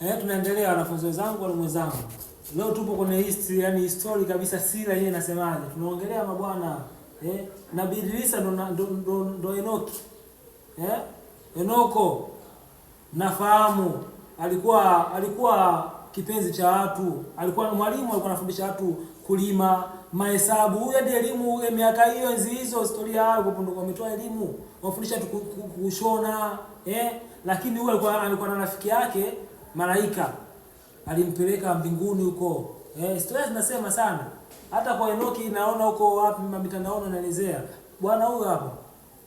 Eh, tunaendelea wanafunzi wenzangu, na wenzangu. Leo tupo kwenye history, yani history kabisa, sira yeye inasemaje? Tunaongelea mabwana eh, na Bidrisa ndo ndo ndo ndo Enoki. Eh? Enoko nafahamu alikuwa alikuwa kipenzi cha watu, alikuwa ni mwalimu, alikuwa anafundisha watu kulima, mahesabu. Huyo ndiye elimu ya miaka hiyo, enzi hizo, historia yao kwa ametoa elimu, wafundisha watu kushona eh, lakini huyo alikuwa alikuwa na rafiki yake malaika alimpeleka mbinguni huko. Eh, historia zinasema sana. Hata kwa Enoki naona huko wapi mitandaoni naelezea. Bwana huyu hapo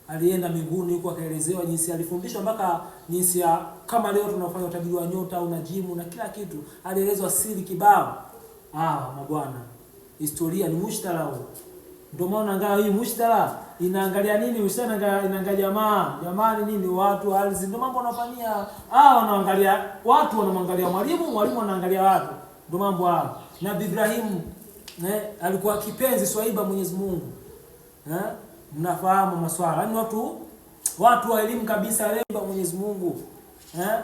alienda mbinguni huko akaelezewa jinsi alifundishwa mpaka jinsi ya kama leo tunafanya utabiri wa nyota au najimu na kila kitu. Alielezwa siri kibao. Ah, mabwana. Historia ni mushtara huo. Ndio maana ngawa hii mushtara inaangalia nini? Usana inaangalia jamaa, jamaa ni nini? Watu ardhi, ndio mambo wanafanyia ah, wanaangalia watu, wanamwangalia mwalimu, mwalimu anaangalia watu, ndio mambo hao. Na Ibrahimu ne, alikuwa kipenzi swaiba Mwenyezi Mungu eh, mnafahamu maswala, yaani watu watu wa elimu kabisa, leba Mwenyezi Mungu eh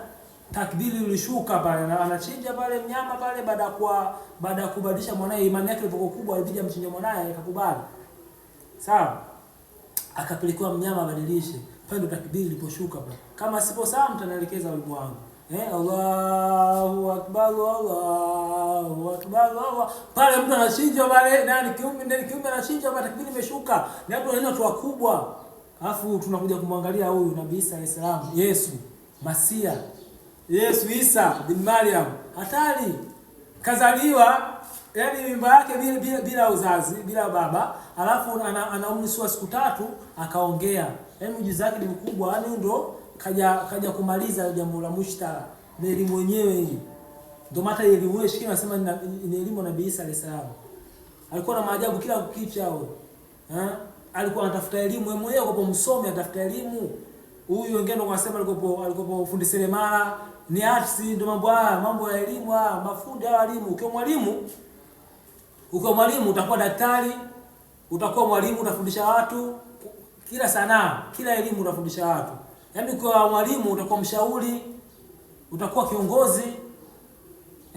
takdiri ilishuka pale na anachinja pale mnyama pale, baada kwa baada ya kubadilisha mwanae, imani yake ilipokuwa kubwa, alipija mchinja mwanae akakubali, sawa, akapelekewa mnyama abadilishe pale, ndo takdiri iliposhuka pale. Kama sipo sawa, mtanaelekeza walimu wangu eh, Allahu akbar, Allahu akbar, Allah pale, mtu anachinja pale, nani kiumbe, ndani kiumbe anachinja pale, takdiri imeshuka, ni watu wengine tu wakubwa, alafu tunakuja kumwangalia huyu Nabii Isa alayhi salam, Yesu Masia Yesu Isa bin Maryam hatari kazaliwa yani mimba yake bila, bila, bila uzazi bila baba, alafu ana, ana umri wa siku tatu akaongea. Yaani muujiza wake ni mkubwa, yani ndo kaja kaja kumaliza jambo la mushtara na elimu yenyewe hii. ndo mata elimu yake shikini anasema ni elimu na Nabii Isa alayhi salam. Alikuwa na maajabu kila kukicha huyo. Ha? Alikuwa anatafuta elimu yeye mwenyewe kwa msomi anatafuta elimu huyu wengine ndo wanasema alikopo alikopo fundi seremala ni arts, ndo mambo haya, mambo ya elimu haya, mafundi haya, walimu. Ukiwa mwalimu, ukiwa mwalimu utakuwa daktari, utakuwa mwalimu, utafundisha watu kila sanaa, kila elimu utafundisha watu. Yaani ukiwa mwalimu utakuwa mshauri, utakuwa kiongozi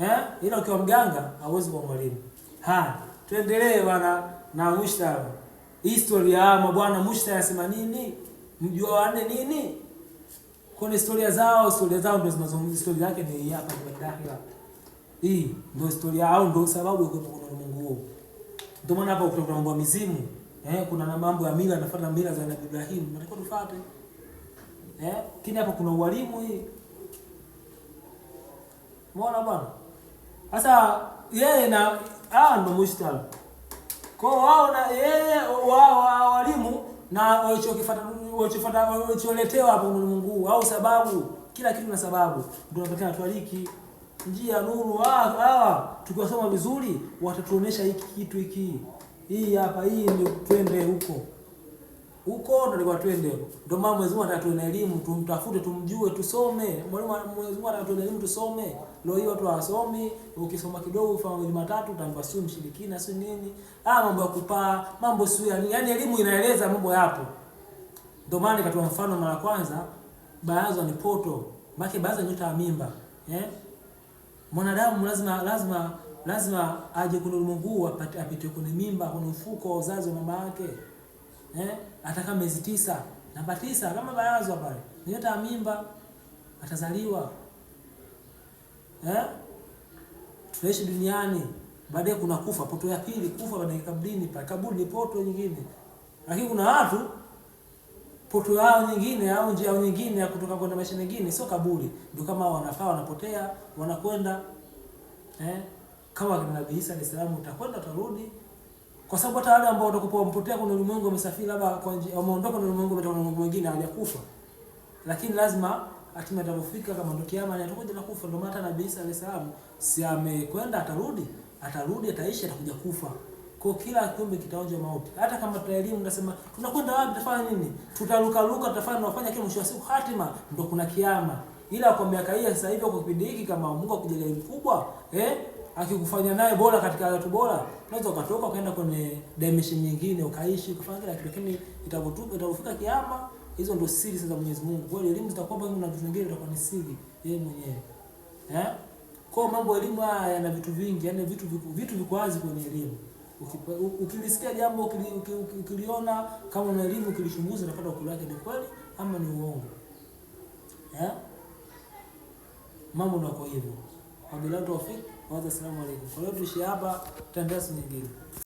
eh, ila ukiwa mganga hauwezi kuwa mwalimu. Ha, tuendelee bwana na Mushtara. Historia ya mabwana Mushtara yasema nini? mjuane nini? Kuna historia zao, historia zao ndio zinazungumza, historia yake ni hapa kwa dakika hii, ndio historia yao, ndio sababu ya kuwepo kwa Mungu huo. Ndio maana hapa kuna mambo ya mizimu eh, kuna mambo ya mila, nafuata mila za Nabii Ibrahim, natakiwa tufuate eh, kini hapa kuna ualimu hii, umeona bwana. Sasa yeye na ah, ndio mushtal kwa wao na yeye wao walimu na walichokifuata ulichofuata ulicholetewa hapo Mungu au sababu, kila kitu na sababu. Ndio tunapatikana twaliki njia nuru. Ah, ah, tukiwasoma vizuri watatuonesha hiki kitu hiki, hii hapa, hii ndio twende huko huko, ndio kwa twende. Ndio mama Mwenyezi Mungu anataka elimu, tumtafute, tumjue, tusome. Mwalimu Mwenyezi Mungu anataka elimu, tusome. Leo hiyo watu hawasomi. Ukisoma kidogo ufanye ufahamu tatu utaambiwa sio mshirikina, sio nini, ah, mambo ya kupaa, mambo sio yani, elimu inaeleza mambo yapo. Ndio maana nikatoa mfano mara kwanza, baaza ni poto, maana baaza ni nyota ya mimba eh? Mwanadamu lazima lazima lazima aje kwenye ulimwengu apite kwenye mimba, kwenye ufuko wa uzazi wa mama yake eh? Ataka miezi tisa, namba tisa kama baaza pale ni nyota ya mimba, atazaliwa eh? Tunaishi duniani, baadaye kuna kufa, poto ya pili kufa, baada ya kaburini pa Kaburi ni poto nyingine, lakini kuna watu potu yao nyingine au njia au nyingine ya kutoka kwenda maisha mengine, sio kaburi. Ndio kama wanafaa wanapotea, wanakwenda eh, kama kina Nabii Isa alayhis salaam, utakwenda utarudi, kwa sababu hata wale ambao watakupa mpotea kuna ulimwengu wamesafiri, labda kwa njia wameondoka na ulimwengu wametoka na ulimwengu mwingine, hawajakufa, lakini lazima hatima itakapofika, kama ndio kiama, ni atakuja na kufa. Ndio maana Nabii Isa alayhis salaam si amekwenda, atarudi, atarudi, ataishi, atakuja kufa. Kwa kila kiumbe kitaonja mauti. Hata kama tuna elimu tunasema tunakwenda wapi, tutafanya nini? Tutaruka ruka, tutafanya tunafanya kile mwisho wa siku hatima ndio kuna kiama. Ila kwa miaka hii sasa hivi kwa kipindi hiki kama Mungu akujalia mkubwa, eh? Akikufanya naye bora katika watu bora, unaweza ukatoka ukaenda kwenye dimension nyingine ukaishi ukafanya kila kitu, lakini itakapotupa itakufika kiama, hizo ndio siri sasa Mwenyezi Mungu. Kwa hiyo elimu zitakuwa pamoja na vitu vingine vitakuwa ni siri yeye mwenyewe. Eh? Kwa mambo elimu haya yana vitu vingi, yani vitu vitu viko wazi kwenye elimu ukilisikia jambo ukiliona, kama una elimu ukilichunguza, unapata ukweli wake ni kweli ama ni uongo yeah? Mambo nako hivyo. Wabillahi tawfik, salamu alaikum. Kwa hiyo tuishie hapa, tutaendea siku nyingine.